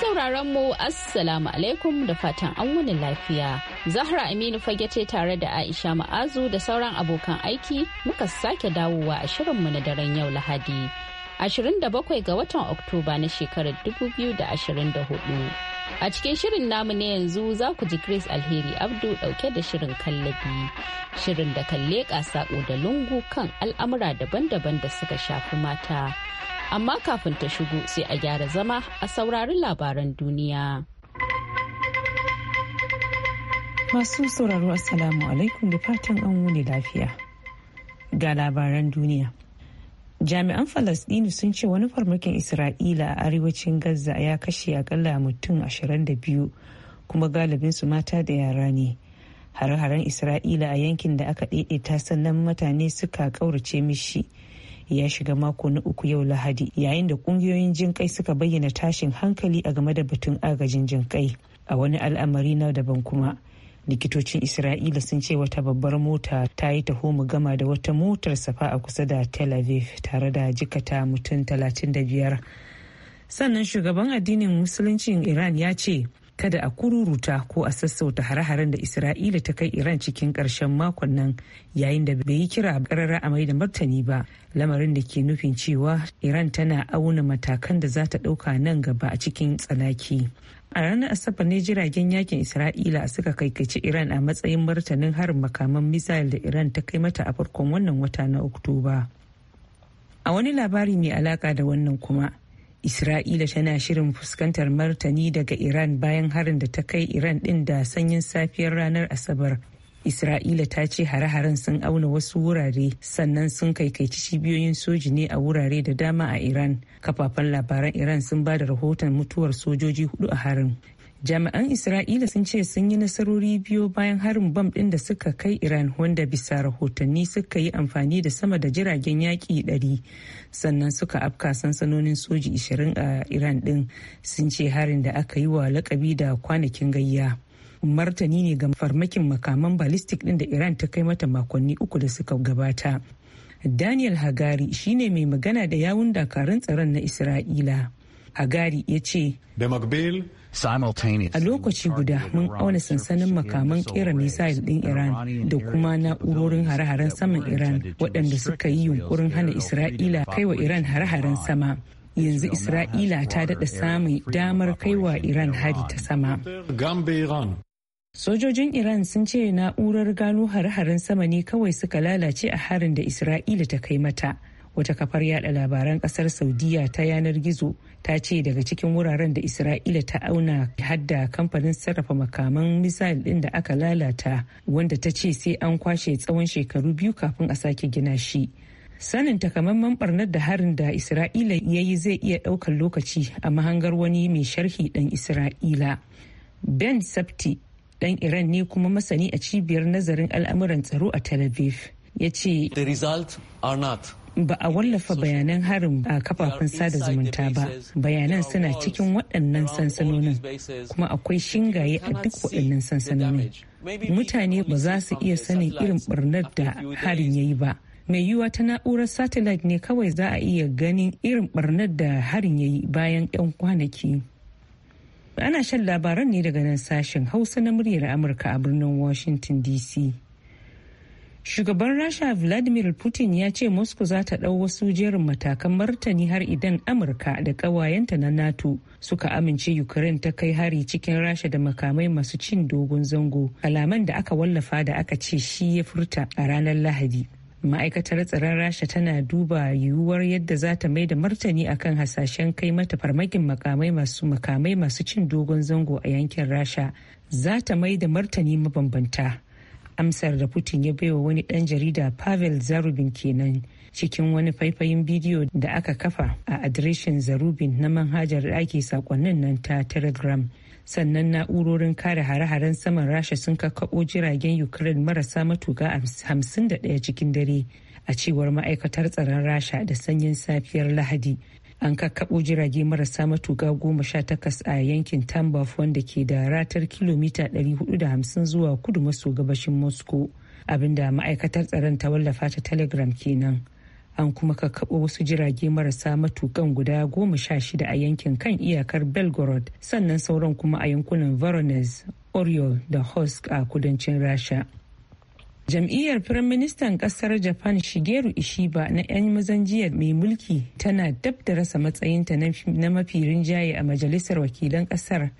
sauraron mu Assalamu alaikum da fatan an wani lafiya. Zahra Aminu fage ce tare da Aisha Ma'azu da sauran abokan aiki muka sake dawowa a shirinmu na daren yau Lahadi. 27 ga watan Oktoba na shekarar 2024. A cikin shirin namu na yanzu za ku ji chris Alheri Abdu dauke da shirin kallabi. Shirin da kan leƙa saƙo da lungu kan al'amura daban-daban da suka shafi mata. Amma kafin ta shigo sai a gyara zama a saurari labaran duniya. Masu sauraro Assalamu alaikum da fatan an wuni lafiya. Ga labaran duniya. jami'an falasdini sun ce wani farmakin isra'ila a arewacin gaza ya kashe akalla mutum 22 kuma galibinsu mata da yara ne hare-haren isra'ila a yankin da aka ta sannan mutane suka ƙaurace mishi ya shiga mako na uku yau lahadi yayin da kungiyoyin jinƙai suka bayyana tashin hankali a game da batun agajin jinƙai a wani al'amari na daban kuma likitocin isra'ila sun ce wata babbar mota ta yi taho mu gama da wata motar safa a kusa da tel aviv tare da jikata mutum 35 sannan shugaban addinin musuluncin iran ya ce kada a kururuta ko a sassauta hare-haren da isra'ila ta kai iran cikin karshen makon nan yayin da bai yi kira karara a mai da martani ba lamarin da ke nufin cewa iran tana auna matakan da za ta ɗauka nan gaba a cikin tsanaki a ranar asabar ne jiragen yakin isra'ila suka kaikaici iran a matsayin martanin harin makaman misal da iran ta kai mata a farkon wannan wata na oktoba a wani labari mai alaka da wannan kuma isra'ila tana shirin fuskantar martani daga iran bayan harin da ta kai iran ɗin da sanyin safiyar ranar asabar Isra'ila ta ce hare-haren sun auna wasu wurare sannan sun kaikaici cibiyoyin soji ne a wurare da dama a Iran. Kafafen labaran Iran sun ba da rahoton mutuwar sojoji hudu a harin. Jami'an Isra'ila sun ce sun yi nasarori biyu bayan harin bam ɗin da suka kai Iran wanda bisa rahotanni suka yi amfani da sama da jiragen yaƙi ɗari sannan suka afka sansanonin soji 20 a Iran ɗin sun ce harin da aka yi wa lakabi da kwanakin gayya. martani ne ga farmakin makaman ballistic din da iran ta kai mata makonni uku da suka gabata daniel hagari shine mai magana da yawun dakarun tsaron na isra'ila hagari ya ce A lokaci guda mun auna sansanin makaman kera misayil ɗin Iran da kuma na'urorin hare-haren saman Iran waɗanda suka yi yunkurin hana Isra'ila kai wa Iran hare-haren sama. Yanzu Isra'ila ta daɗa samun damar kaiwa Iran hari ta sama. Sojojin Iran sun ce na'urar gano hare-haren sama ne kawai suka lalace a harin da Isra'ila ta kai mata. Wata kafar yada labaran kasar Saudiya ta yanar gizo ta ce daga cikin wuraren da Isra'ila ta auna hadda kamfanin sarrafa makaman misal ɗin da aka lalata wanda ta ce sai an kwashe tsawon shekaru biyu kafin a sake gina shi. sanin takamaiman barnar da harin da isra'ila ya yi zai iya ɗaukar lokaci a mahangar wani mai sharhi ɗan isra'ila ben safti dan iran ne kuma masani a cibiyar nazarin al'amuran tsaro a tel aviv ya ce ba a wallafa bayanan harin a kafafen sada zumunta ba bayanan suna cikin waɗannan sansanonin kuma akwai shingaye a duk waɗannan sansanonin mutane ba za su iya sanin irin ɓarnar da harin ya yi ba mai yiwuwa ta na'urar satellite ne kawai za a iya ganin irin ɓarnar da harin ya yi bayan 'yan kwanaki ana shan labaran ne daga nan sashen Hausa na muryar Amurka a birnin Washington DC. Shugaban Rasha Vladimir Putin ya ce Moscow za ta ɗau wasu jerin matakan martani har idan Amurka da ƙawayenta na NATO suka amince Ukraine ta kai hari cikin Rasha da makamai masu cin dogon zango, alaman da aka wallafa da aka ce shi ya furta a ranar Lahadi. ma'aikatar tsaron rasha tana duba yiwuwar yadda za ta mai da martani akan hasashen kai mata farmakin makamai masu makamai masu cin dogon zango a yankin rasha za ta mai da martani mabambanta amsar da putin ya baiwa wani dan jarida pavel zarubin kenan cikin wani faifayin bidiyo da aka kafa a adireshin zarubin na manhajar da ake saƙonnin nan ta telegram sannan na'urorin kare hare-haren saman rasha sun kakkaɓo jiragen ukraine marasa matuka 51 cikin dare a cewar ma'aikatar tsaron rasha da sanyin safiyar lahadi an kakkaɓo jirage marasa matuka goma sha takas a yankin tambaf wanda ke da ratar kilomita 450 zuwa kudu maso gabashin moscow abinda ma'aikatar tsaron ta wallafa ta telegram kenan. an kuma ka kaɓo wasu jirage marasa matukan guda goma sha shida a yankin kan iyakar belgorod sannan sauran kuma a yankunan voronezh oriol da hosk a kudancin rasha jam'iyyar firaministan kasar japan shigeru ishiba na 'yan mazan mai mulki tana dab da rasa matsayinta na mafi rinjaye a majalisar wakilan kasar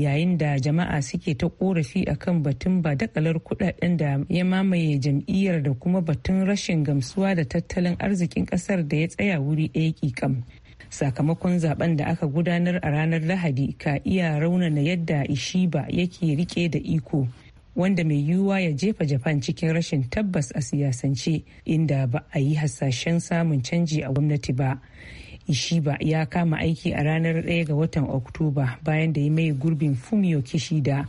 yayin da jama'a suke ta korafi akan batun ba dakalar kudaden da ya mamaye jam'iyyar da kuma batun rashin gamsuwa da tattalin arzikin kasar da ya tsaya wuri ɗaya kikam sakamakon zaben da aka gudanar a ranar lahadi ka iya raunana yadda ishiba yake rike da iko wanda mai yiwuwa ya jefa japan cikin rashin tabbas a siyasance inda ba a yi hasashen samun canji a gwamnati ba Ishiba ya kama aiki a ranar 1 ga watan Oktoba bayan da ya mai gurbin Fumio Kishida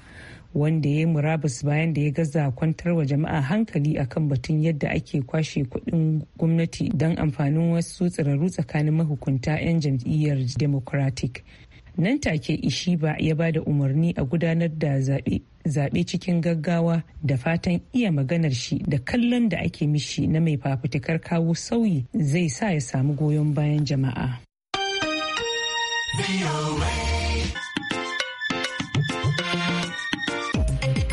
wanda ya yi murabus bayan da ya gaza kwantar wa jama'a hankali akan batun yadda ake kwashe kuɗin gwamnati don amfanin wasu tsirarru tsakanin mahukunta 'yan jam'iyyar Democratic. Nan take Ishiba ya ba da umarni a gudanar da zaɓe zaɓe cikin gaggawa da fatan iya maganar shi da kallon da ake mishi na mai fafutukar kawo sauyi zai sa ya samu goyon bayan jama'a.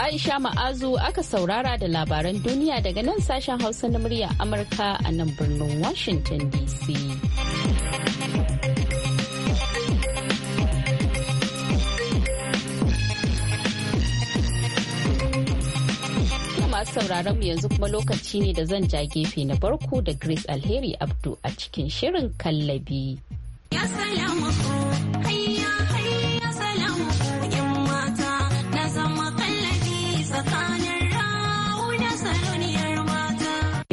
Aisha Ma'azu aka saurara da labaran duniya daga nan sashen Hausa na murya Amurka a nan birnin Washington DC. sauraron mu yanzu kuma lokaci ne da zan ja gefe na barku da Grace Alheri Abdu a cikin shirin kallabi.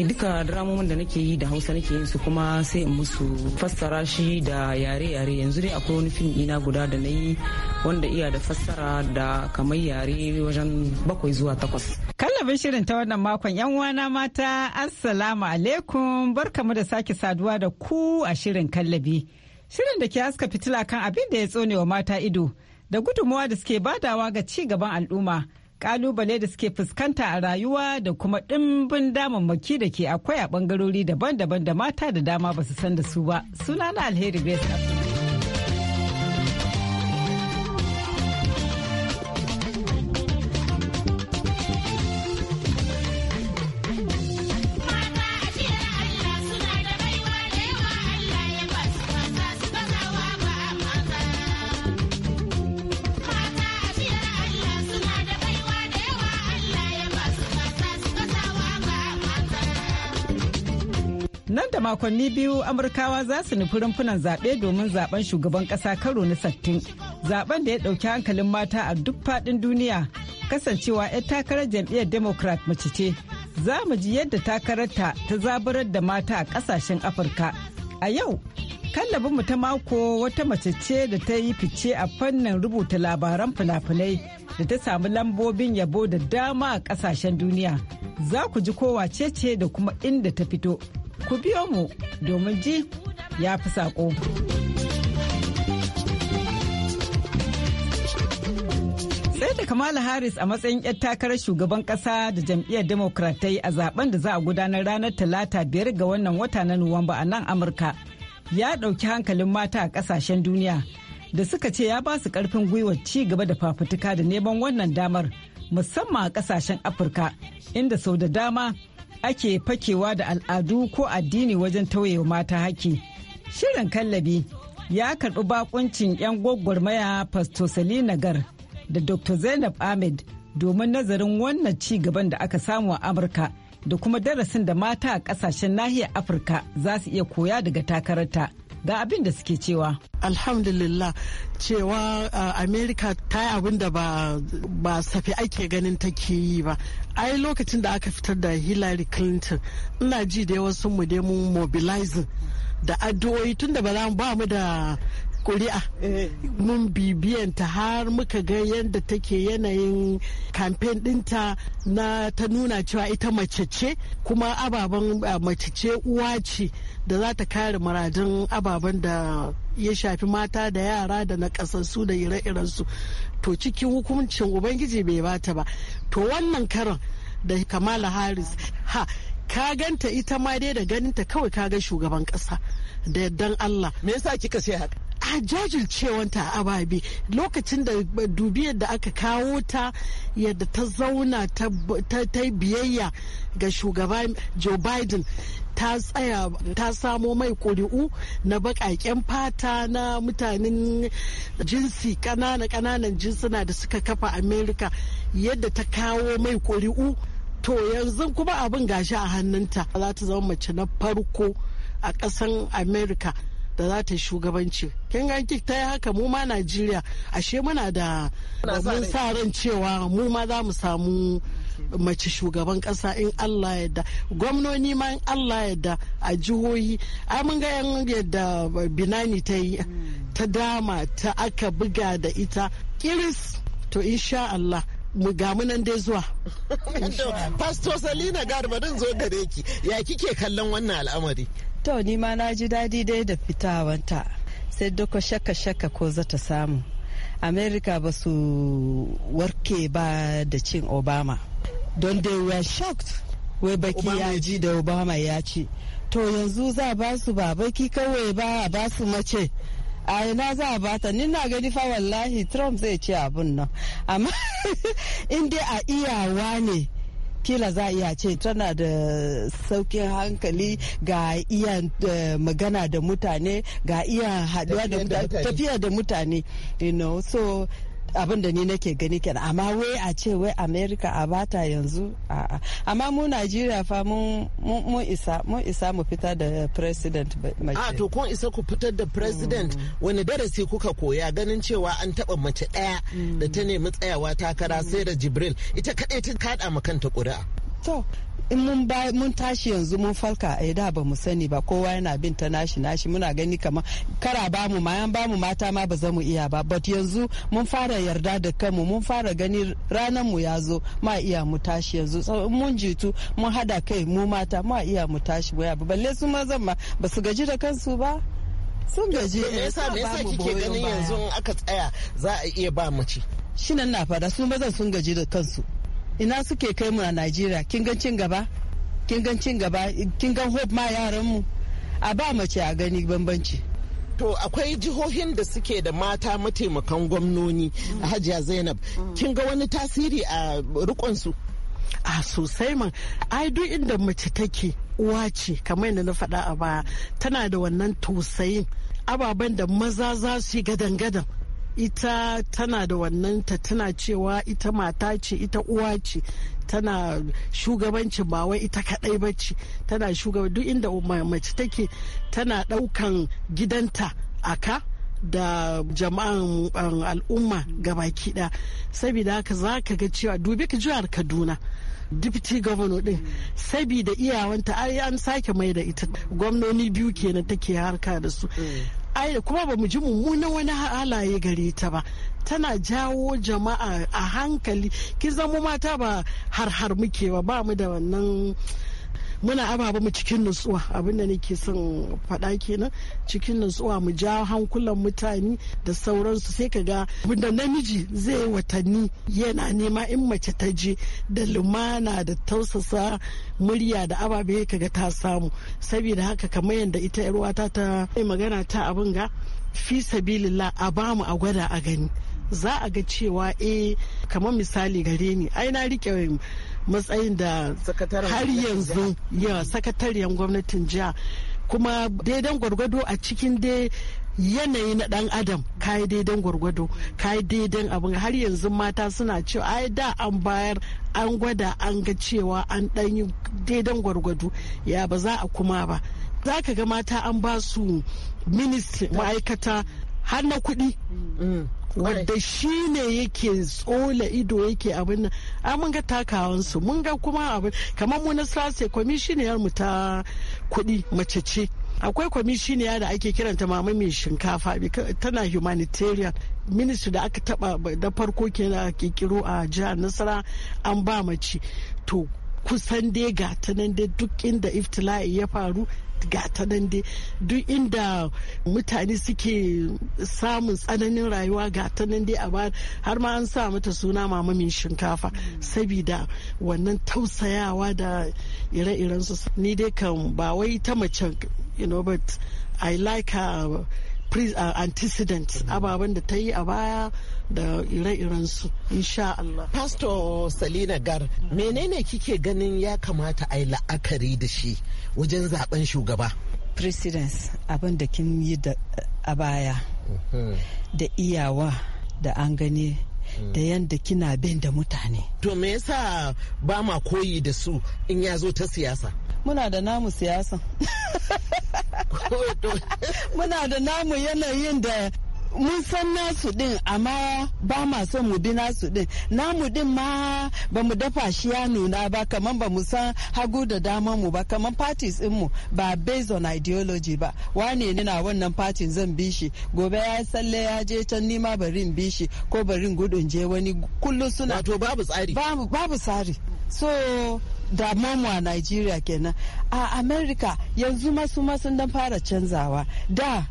duka dramomin da nake yi da hausa nake yin su kuma sai in musu fassara shi da yare-yare yanzu dai akwai wani fim ina guda da na yi wanda iya da fassara da kamar yare wajen bakwai zuwa takwas. Kallabin shirin ta wannan makon yan wana mata assalamu alaikum bar barkamu da sake saduwa da ku a shirin kallabi. Shirin da ke haska fitila kan abin da ya tsone wa mata ido da gudummawa da suke badawa ga ci gaban al'umma. kalubale da suke fuskanta a rayuwa da kuma ɗimbin damammaki da ke akwai a bangarori daban-daban da mata da dama ba su san da su ba sunana alheri grace makonni biyu amurkawa za su nufi rumfunan zaɓe domin zaɓen shugaban ƙasa karo na sattin zaɓen da ya ɗauki hankalin mata a duk faɗin duniya kasancewa 'yan takarar jam'iyyar democrat mace ce za mu ji yadda takararta ta zaburar da mata a ƙasashen afirka a yau kallabinmu ta mako wata mace ce da ta yi fice a fannin rubuta labaran fina-finai da ta samu lambobin yabo da dama a kasashen duniya za ku ji kowa ce da kuma inda ta fito Ku biyo mu domin ji ya fi saƙo. sai da kamala harris a matsayin 'yar takarar shugaban kasa da jam'iyyar democrat ta yi a zaben da za a gudanar ranar talata biyar ga wannan wata na nuwamba a nan amurka ya ɗauki hankalin mata a ƙasashen duniya da suka ce ya ba su ƙarfin gwiwar ci gaba da fafutuka da neman wannan damar musamman a ƙasashen afirka inda sau da dama ake fakewa da al'adu ko addini wajen tauye mata haƙƙi. Shirin kallabi ya karɓi bakuncin 'yan gwagwarmaya Pastor Nagar da Dr. Zainab Ahmed domin nazarin wannan ci gaban da aka samu a Amurka da kuma darasin da mata a ƙasashen nahiyar Afirka za su iya koya daga takararta. ga abin da suke cewa alhamdulillah cewa uh, america ta yi abin da ba safi ake ganin ta ke yi ba ai lokacin da aka fitar da hillary clinton ina ji da sun mu dai mun mobilizing da addu'o'i tun da ba mu da kuri'a mun bibiyanta har muka ga yadda take yanayin kamfen dinta na ta nuna cewa ita mace ce kuma ababen mace ce uwa ce da za ta kare muradun ababen da ya shafi mata da yara da nakasassu da ire-irensu to cikin hukuncin ubangiji bai bata ba to wannan karon da kamala harris ha ka ganta ita ma dai da ganinta kawai ka ga shugaban kasa da yardan allah me yasa kika sai haka jajircewanta a ababe lokacin da dubiyar da aka kawo ta yadda ta zauna ta yi biyayya ga shugaba joe biden ta tsaya ta samo mai ƙuri'u na baƙaƙen fata na mutanen jinsi ƙanana ƙananan jinsuna da suka kafa america yadda ta kawo mai ƙuri'u to yanzu kuma abin gashi a hannunta za ta zama mace na farko a ƙasan america da za ta shugabanci kin ga kik ta yi haka mu ma Najeriya ashe muna da babban sa ran cewa mu ma za mu samu mace shugaban kasa in Allah yadda gwamnoni ma in Allah yadda a jihohi a mun ga yan yadda binani ta yi ta dama ta aka buga da ita kiris to insha Allah mu gamu nan dai zuwa. Pastor Salina Garba din zo gare ki ya kike kallon wannan al'amari? to ni ma na ji daɗi dai da fitawanta sai duka shaka shaka ko za ta samu america ba su warke ba da cin obama don they were shocked wai baki ya ji da obama ya ci to yanzu za ba su ba baki kawai ba a ba su mace a ina za a bata ni na gani fa wallahi trump zai ci abun nan amma in dai a iyawa ne kila za iya ce tana da saukin hankali ga iya eh, magana da mutane ga iya haduwa da tafiya da mutane you know so abin da ni nake gani kenan amma wai a ce wai america a bata yanzu a amma mu nigeria fa mun isa mun isa mu fitar da president a to kun isa ku fitar da president mm. wani darasi kuka koya ganin cewa an taba mace daya mm. da ta nemi tsayawa takara sai da jibril ita kadai ta kada ma kanta kuri'a. to in mun mun tashi yanzu mun falka a eh, da ba mu sani ba kowa yana bin ta nashi nashi muna gani kamar kara ba mu ma yan ba mu mata ma ba za mu iya ba but yanzu mun fara yarda da kanmu mun fara gani ranar mu ya zo ma iya mu tashi yanzu mun jitu mun hada kai mu mata ma iya mu tashi ba balle su mazan ma ba su gaji da kansu ba sun gaji me yasa eh, me yasa kike ganin yanzu in aka tsaya za a iya ba mace nan na fada su mazan sun gaji da kansu ina suke kai mu a najeriya kin gan cin gaba kin gan cin gaba kin gan hope ma yaran mu a ba mace a gani bambanci to akwai jihohin da suke da mata mataimakan gwamnoni a hajiya zainab kin ga wani tasiri a rikonsu a sosai man ai duk inda mace take uwa ce kamar yadda na faɗa a baya tana da wannan tosayin ababen da maza za su yi gadan-gadan ita tana da wannan ta tana cewa ita mata ce ita uwa ce tana shugabanci ba wai ita kadai ba ce tana shugaban duk inda mace take tana daukan gidanta a ka da jama'an um, al'umma baki da saboda haka za ka ga cewa dubi ka jihar kaduna deputy governor din saboda iyawanta ai an sake mai da ita gwamnoni biyu kenan take harka da su mm. ai kuma ba mu ji mummunan wani halaye gare ta ba tana jawo jama'a a hankali ki zama mata ba har har muke ba ba mu da wannan muna ababa mu cikin nutsuwa abinda nake son faɗa kenan cikin nutsuwa mu ja hankulan mutane da sauransu sai ka ga da namiji zai watanni yana nema in mace ta je da lumana da tausasa murya da ababe ka ga ta samu saboda haka kamar yadda ita yarwata ta magana ta abin ga fi sabilillah a bamu a gwada a gani za a ga cewa eh kamar misali gare ni ai na rike matsayin da har yanzu ya sakatariyar gwamnatin jiha kuma daidan gwargwado a cikin dai yanayi na dan adam kayi daidan gwargwado kayi daidan abin har yanzu mata suna cewa ai da an bayar an gwada an ga cewa an dan yi daidan gwargwado ya ba za a kuma ba za ka ga mata an ba su ministry ma'aikata har na kuɗi mm. wadda shi ne yake tsola ido yake abin nan a mun ga takawansu mun ga kuma abin kamar mu na sase kwamishiniyar mu ta kuɗi mace ce akwai kwamishiniya da ake kiranta mama mai shinkafa tana humanitarian ministry da aka taba da farko kenan a kikiro a jihar nasara an ba mace to kusan dai ga ta nan dai duk inda iftila'i ya faru ga ta nan dai duk inda mutane suke samun tsananin rayuwa ga ta nan dai a har ma an sa mata suna mamamin shinkafa sabida wannan tausayawa da ire iren su ni dai kan ba wai ta mace you know but i like her Uh, antecedents mm-hmm. ababen da ta yi a baya da ire su insha Allah. Pastor Salina Gar, mm-hmm. menene kike ganin ya kamata a yi la'akari da shi wajen zaben shugaba? Presidents abin da kin yi a baya mm-hmm. da iyawa da an gani da yadda kina bin da mutane to me yasa ba ma koyi da su in ya zo ta siyasa muna da namu siyasa muna da namu yanayin da mun san nasu din amma ba ma son mu bi nasu din namu din ma ba mu dafa shi ya nuna ba kaman ba mu san hagu da dama mu ba kaman parties din mu ba based on ideology ba wane ne na wannan party zan bi shi gobe ya salle ya je can nima bari bi shi ko bari gudun je wani kullum suna wato babu tsari babu tsari so mamu a Nigeria kenan a America yanzu masu masu dan fara canzawa da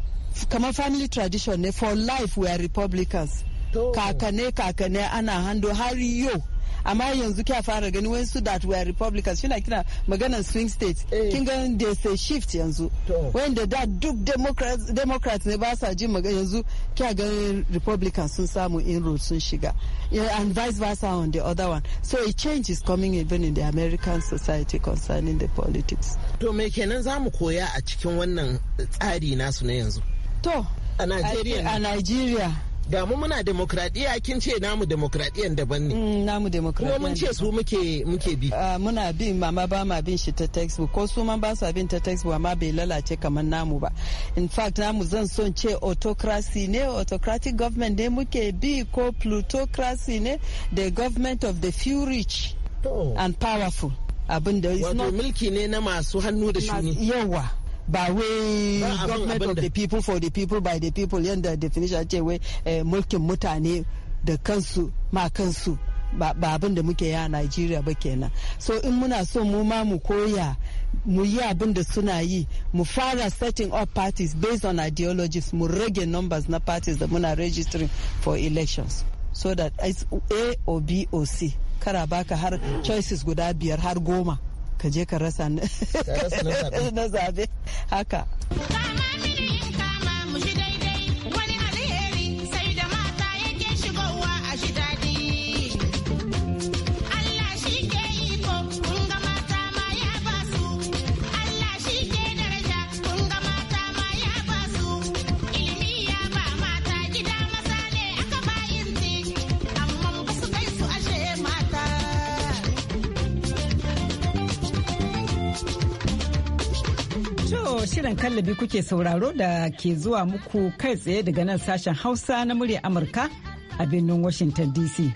kamar family tradition ne for life we are republicans kakane kakane ana hando har yau amma yanzu kya fara gani wani su that are republicans shi na kira maganar swing state eh. kin ganin da sai shift yanzu wanda da duk democrats, democrats ne ba sa jin magana yanzu kya ganin republicans sun samu inroad sun shiga and vice versa on the other one so a change is coming even in the american society concerning the politics to me kenan zamu koya a cikin wannan tsari nasu na yanzu To. A Nigeria. A Nigeria. da mu muna demokradiya kin ce namu demokradiyan daban ne mm, namu demokradiyan kuma mun ce su muke muke bi ah, muna bi mama ba ma bin shi ta textbook ko su ma ba su bin ta textbook amma bai lalace kamar namu ba in fact namu zan son ce autocracy ne autocratic government ne muke bi ko plutocracy ne the government of the few rich and powerful abin da wato mulki ne na masu hannu da shuni yawa ba wai government of the people for the people by the people yadda definition ce wai eh, mulkin mutane da kansu ma kansu ba abin da muke ya a Najeriya ba kenan so in muna so mu ma mu koya mu yi abin da suna yi mu fara setting up parties based on ideologies mu rage numbers na parties da muna registering for elections so that a or b or c kara baka har choices guda biyar har goma ka je ka rasa na zabe haka shirin kallabi kuke sauraro da ke zuwa muku kai tsaye daga nan sashen Hausa na murya Amurka a birnin Washington DC.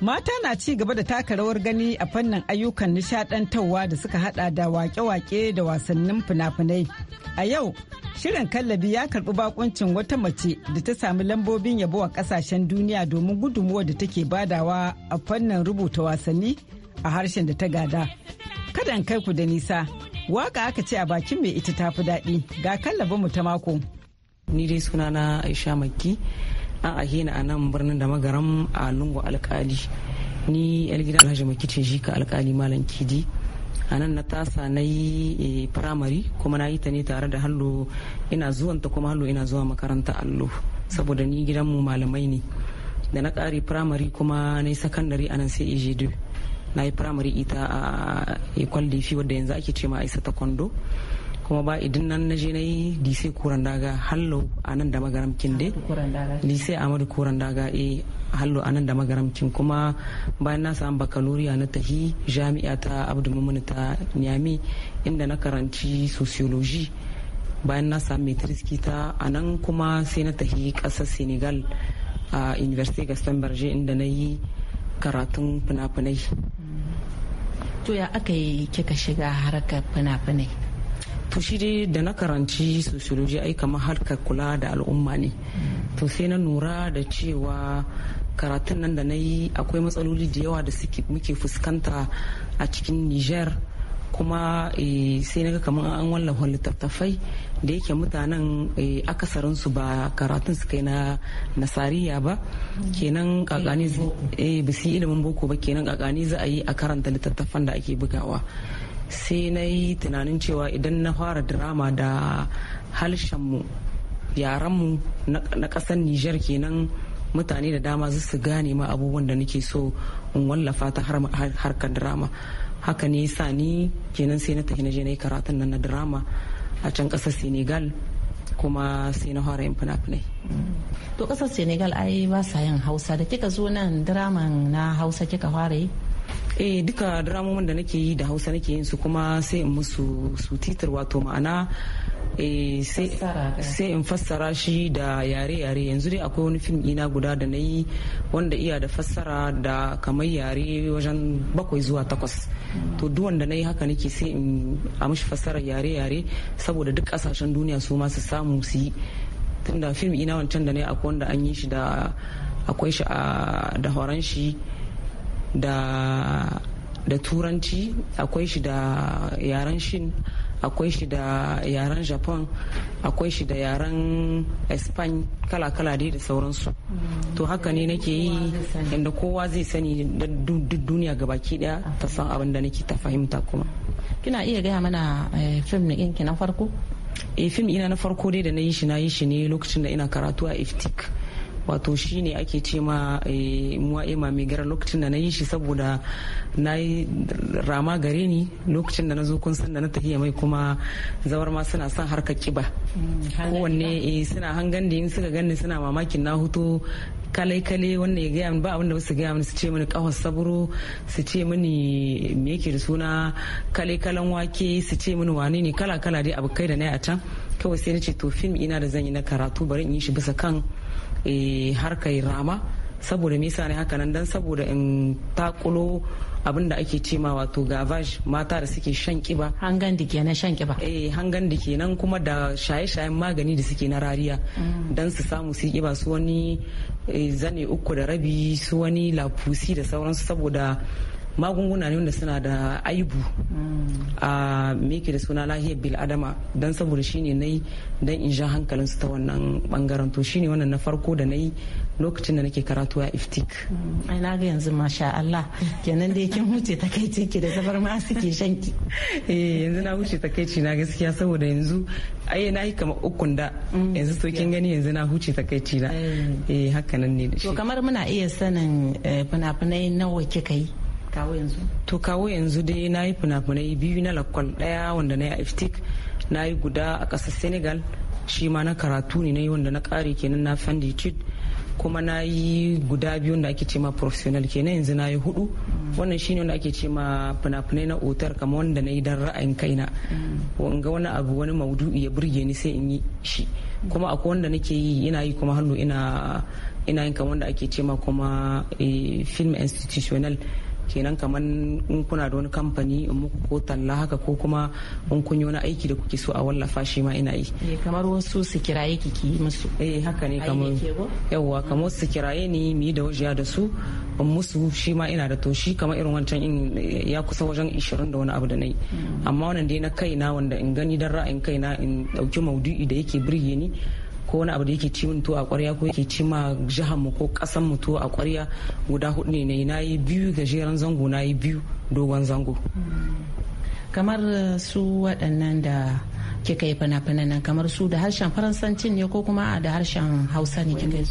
Mata na ci gaba da taka rawar gani a fannin ayyukan nishadantarwa da suka hada da wake-wake da wasannin fina-finai. A yau, shirin kallabi ya karbi bakuncin wata mace da ta sami lambobin yabo a kasashen duniya domin gudunmuwa da take badawa a fannin rubuta wasanni a harshen da ta gada. Kada kai ku da nisa. Waka aka ce a bakin mai ita tafi daɗi ga kallabin mu ta mako. Ni dai suna na Aisha maki an ahena a nan birnin da magaram a lungu alkali. Ni yar gidan Alhaji Makki ce shi ka alkali Malam Kidi. a nan na tasa na yi eh, firamare kuma na yi ta ne tare da hallo ina zuwanta kuma hallo ina zuwa makaranta allo saboda ni gidanmu malamai ne da na ƙari firamare kuma na yi sakandare a nan sai duk na yi firamare ita a ecole lifi wadda yanzu ake ce ma aisa ta kwando kuma ba idin nan na je na yi lise kuran daga hallo a nan da magaramkin dai lise amadu kuran daga e eh, hallo a nan da magaramkin kuma bayan na samu bakaloriya na tahi jami'a ta abdu mumuni ta niyami inda na karanci sociology bayan na samu metriski ta a nan kuma sai na tahi kasar senegal a university gaston berger inda na yi karatun fina-finai to ya aka yi kika shiga harkar fina-finai to shi dai da na karanci sociology ai kamar harkar kula da al'umma ne to sai na nura da cewa karatun nan da na yi akwai matsaloli da yawa da muke fuskanta a cikin niger kuma eh, sai na ga kamar an wallafa littattafai da yake mutanen eh, akasarinsu ba karatun su kai na nasariya ba kenan kakani eh, ba su ilimin boko ba kenan kakani za a yi a karanta littattafan da ake bugawa sai na yi tunanin cewa idan na fara drama da mu yaran mu na ƙasar nijar kenan mutane da dama su gane ma abubuwan da nake so in wallafa ta harkar drama haka ne yasa ni kenan sai na tafi na je na yi karatun nan na drama a can kasar senegal kuma sai na fara yin fina-finai to kasar senegal ai ba sa yin hausa da kika zo nan draman na hausa kika fara yi eh duka dramomin da nake yi da hausa nake yin su kuma sai in musu su titir wato ma'ana eh, sai in fassara shi da yare-yare yanzu dai akwai wani fim ina guda da na yi wanda iya da fassara da kamar yare wajen bakwai zuwa takwas to duwan da na yi haka nake sai in a mashi fassarar yare-yare saboda duk kasashen duniya su masu samu su yi tunda fim ina wancan da na yi akwai wanda an yi shi da akwai shi da horon shi da da turanci akwai shi da yaren shin akwai shi da yaren japan akwai shi da yaren espan kala-kala dai da sauransu to haka ne nake yi inda kowa zai sani duk duniya gabaki daya ta san abin da nake ta fahimta kuma kina iya gaya mana eh, fim inki na farko e fim ina na farko dai da na yi shi na yi shi ne lokacin da ina karatu a iftik wato shine ake ce ma eh, muwa ema mai gara lokacin da na yi shi saboda na yi rama gare ni lokacin da na zo kun san da na tafiya mai kuma zawar ma suna son harka kiba hmm, kowanne eh, suna hangan da yin suka ganni suna mamakin na hoto kalai kale wanda ya gaya ba abinda su gaya su ce mini kawas saburo su ce mini me yake da suna kale kalan wake su ce mini wane ne kala-kala dai abu kai da na yi a can kawai sai na ce to fim ina da zan yi na karatu bari in yi shi bisa kan Eh, har harkar rama saboda me ne haka nan don saboda in takulo abinda ake ce ma wato gavage mata da suke shan kiba hangan da ke shan kiba eh hangan da ke nan kuma da shaye-shayen magani da suke na rariya mm. don su samu su kiba su wani eh, zane uku da rabi su wani lafusi da sauransu saboda magunguna ne wanda suna da aibu mm. a ah, meke da suna lahiyar bil adama don saboda shine na yi don in ja hankalin su ta wannan bangaren to shine wannan na farko da na yi lokacin da nake karatu a iftik mm. ai na ga yanzu masha Allah kenan da kin huce takaici ke da zabar ma suke shan ki eh yanzu na huce takaici na gaskiya saboda yanzu ai na yi kamar ukun da mm. yanzu to kin gani yanzu na huce takaici na eh, eh haka nan ne da shi to kamar muna iya sanin eh, fina-finai nawa kika yi kawo yanzu to kawo yanzu dai na yi fina-finai biyu na lakwal daya wanda na yi a iftik na yi guda a ƙasar senegal shi ma na karatu ne na yi wanda na ƙare kenan na fanditud kuma na yi guda biyu wanda ake ce ma professional kenan yanzu na yi hudu wannan shine wanda ake ce ma na otar kama wanda na yi dan ra'ayin kai kaina wanga mm. wani abu wani maudu'i ya burge ni sai in yi shi kuma akwai wanda nake yi ina yi kuma hannu ina ina yin wanda ake cema kuma eh, film institutional kenan kamar in kuna da wani kamfani in muku ko talla haka ko kuma in kun yi wani aiki da kuke so a wallafa shi ma ina yi eh, kamar wasu su kiraye kiki musu eh haka ne kamar yawwa kamar su kiraye ni mu yi da wajiya da su in musu shi ma ina da to kamar irin wancan in eh, ya kusa wajen 20 da wani abu da na yi mm. amma wannan dai na kaina wanda in gani dan ra'ayin kai na in dauki maudu'i da yake birge ni ko wani abu da yake ci tuwo a kwarya ko yake ci ma jihar mu ko kasan mu a kwarya guda hudu ne na yi biyu gajeren zango nayi biyu dogon zango kamar uh, su waɗannan da kika yi fina-finan nan kamar su da harshen faransancin ne ko kuma da harshen hausa ne kika yi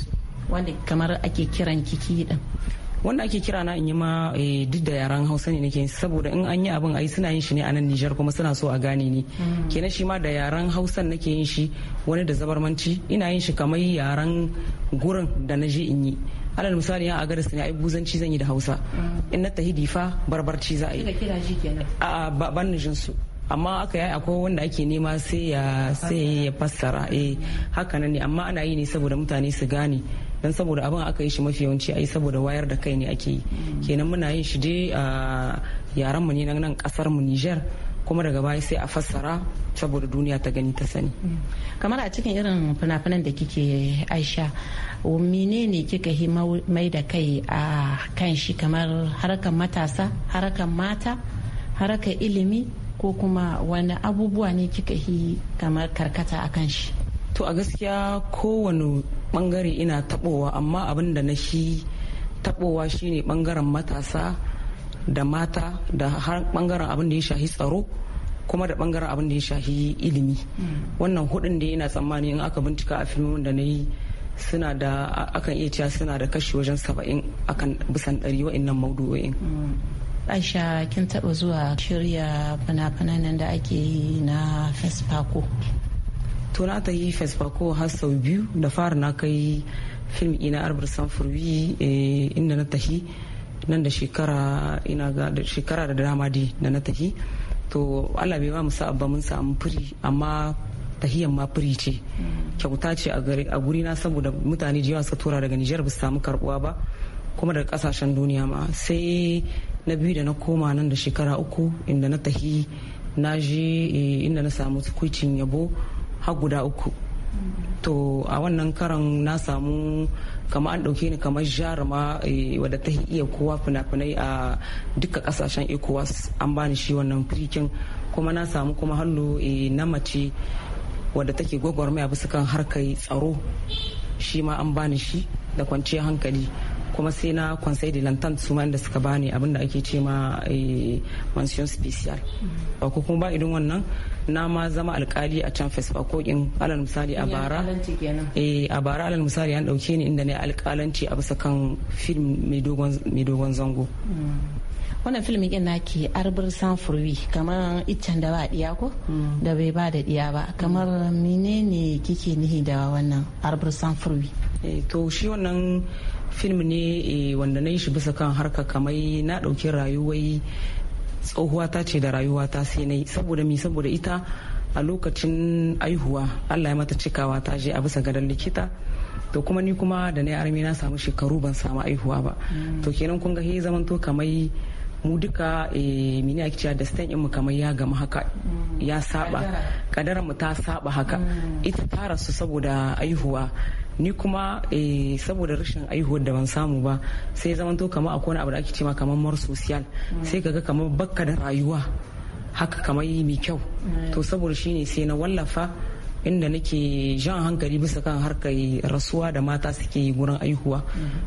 wanda kamar ake kiran kiki din wanda ake kira na in yi ma eh, duk da yaran hausa ne nake saboda in an yi abin ai suna yin shi ne a nan nijar kuma suna so a gane ni mm. kenan shi ma da yaran hausan nake yin shi wani da zabarmanci ina yin shi kamar yaran gurin da na je in yi alal misali a garis ne ai buzanci zan yi da hausa mm. in na tahidi difa barbarci za a yi a ban nijin su amma aka yi akwai wanda ake nema sai ya fassara eh haka ne amma ana yi ne saboda mutane su gane don saboda abin aka yi shi mafi yawanci a yi saboda wayar da kai ne ake yi kenan muna yin shi dai a yaren mu ne nan kasar mu Niger kuma daga baya sai a fassara saboda duniya ta gani ta sani kamar a cikin irin fina-finan da kike aisha menene kika yi mai da kai a kan shi kamar harkar matasa harkar mata harkar ilimi ko kuma wani abubuwa ne kika yi kamar karkata a kan shi to a gaskiya kowane bangare ina tabowa amma abin da na shi tabowa shine bangaren matasa da mata da har bangaren abin da ya shahi tsaro kuma da bangaren abin da ya shahi ilimi mm. wannan hudun da yana tsammani in aka bincika a filmin da na yi suna da akan iya cewa suna da kashi wajen saba'in akan bisan ɗari wa'innan maudu'o'in mm. aisha kin taba zuwa shirya fina-finan da ake yi na fesfako to na ta yi fesfako har sau biyu da fara na kai fim ina arbar sanfurwi eh, inda na tahi nan da shekara ina ga shekara da dama di da na tahi to allah bai ba mu sa'abba mun samu firi amma tahiyan ma firi ce kyauta ce a guri na saboda mutane da suka tura daga nijar ba su samu karbuwa ba kuma daga kasashen duniya ma sai na biyu da na koma nan da shekara uku inda na tahi na je eh, inda na samu tukwicin yabo har guda uku to a wannan karan na samu kama an ɗauke ni kamar jaruma eh, wadda ta iya kowa fina-finai a duka kasashen ecowas an bani shi wannan firikin kuma na samu kuma hannu eh, na mace wadda take gwagwarmaya bisa kan harkar tsaro shi ma an bani shi da kwanciyar hankali kuma sai na conseil de l'entente su da suka bani abinda ake ce ma eh, mansion special mm. ba ko kuma ba idan wannan na ma zama alkali a can fesfa ko in alal misali a bara eh, a bara alal misali an dauke ni inda ne alkalanci a bisa kan film mai dogon zango mm. wannan filmin din ke arbir sanfurwi kamar iccen da ba diya ko mm. da bai ba da diya ba kamar menene kike nihi da wannan arbir sanfurwi eh, to shi wannan film ne eh, wanda na yi shi bisa kan harka kamai na ɗauki rayuwai tsohuwata ce da rayuwata sai na yi saboda mi saboda ita a lokacin aihuwa allah ya mata cikawa ta je a bisa gadon likita to kuma ni kuma da na armi na samu shekaru ban samu aihuwa ba mm. to kenan kun ga he zamanto kamai mu duka eh, mini ake cewa da stan mu kamar ya gama haka mm. ya saba kadaran mu ta saba haka mm. ita ta rasu saboda aihuwa ni kuma eh, saboda rashin aihuwar da ban samu ba sai zamanto kamar akwai wani abu da ake cewa kamar mar social sai kaga kamar bakka da rayuwa haka kamar mai kyau to saboda shine sai na wallafa inda nake jan hankali bisa kan harkar rasuwa da mata suke yi gurin aihuwa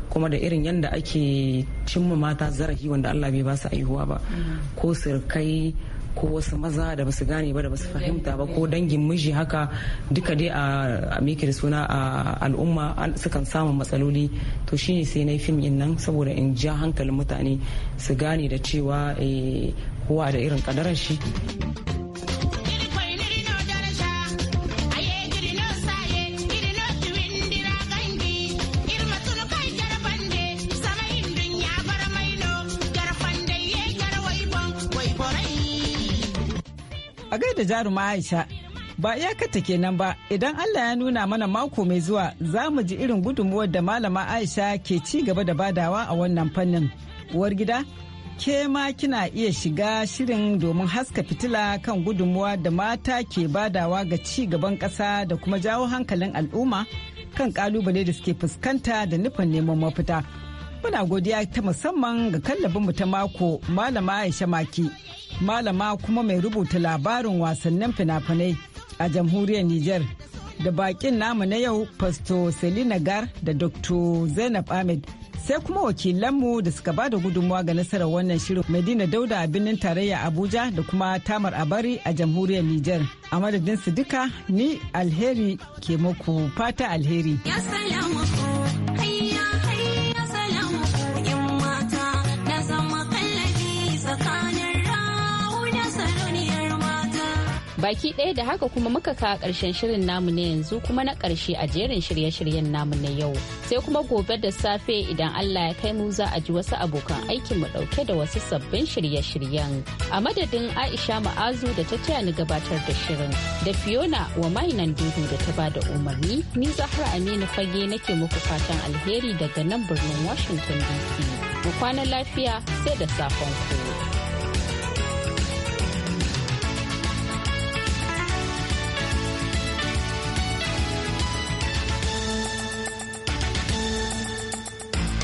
kuma da irin yadda ake cimma mata zarafi wanda allah bai ba su aihuwa ba ko sirkai ko wasu maza da basu gane ba da basu fahimta ba ko dangin miji haka duka dai a miki suna a al'umma sukan samun matsaloli to shine sai na yi fim nan saboda in ja hankalin mutane su gane da cewa eh, kowa da irin kadarar shi. da jaruma Aisha. Ba iyakata kenan ba, idan Allah ya nuna mana mako mai zuwa za mu ji irin gudunmuwar da malama Aisha ke ci gaba da badawa a wannan fannin. Uwar gida, ke ma kina iya shiga shirin domin haska fitila kan gudunmuwa da mata ke badawa ga ci gaban ƙasa da kuma jawo hankalin al'umma kan ƙalubale da suke fuskanta da nufin neman mafita. Muna godiya ta musamman ga kallabinmu ta mako Malama Aisha Maki, Malama kuma mai rubuta labarin wasannin fina-finai a jamhuriyar Nijar. Da bakin namu na yau Pasto Selina Gar da Dr. Zainab Ahmed sai kuma wakilanmu da suka ba da gudunmawa ga nasarar wannan shirin Medina Dauda a birnin tarayya Abuja da kuma Tamar Abari a jamhuriyar Nijar. A madadin su duka ni alheri ke muku fata alheri. baki ɗaya da haka kuma muka kawo ƙarshen shirin namu na yanzu kuma na ƙarshe a jerin shirye-shiryen namu na yau sai kuma gobe da safe idan allah ya kai mu za a ji wasu abokan aikin mu ɗauke da wasu sabbin shirye-shiryen a madadin aisha ma'azu da ta taya ni gabatar da shirin da fiona wa mainan duhu da ta bada umarni ni zahra aminu fage nake muku fatan alheri daga nan birnin washington dc mu kwana lafiya sai da safon ku.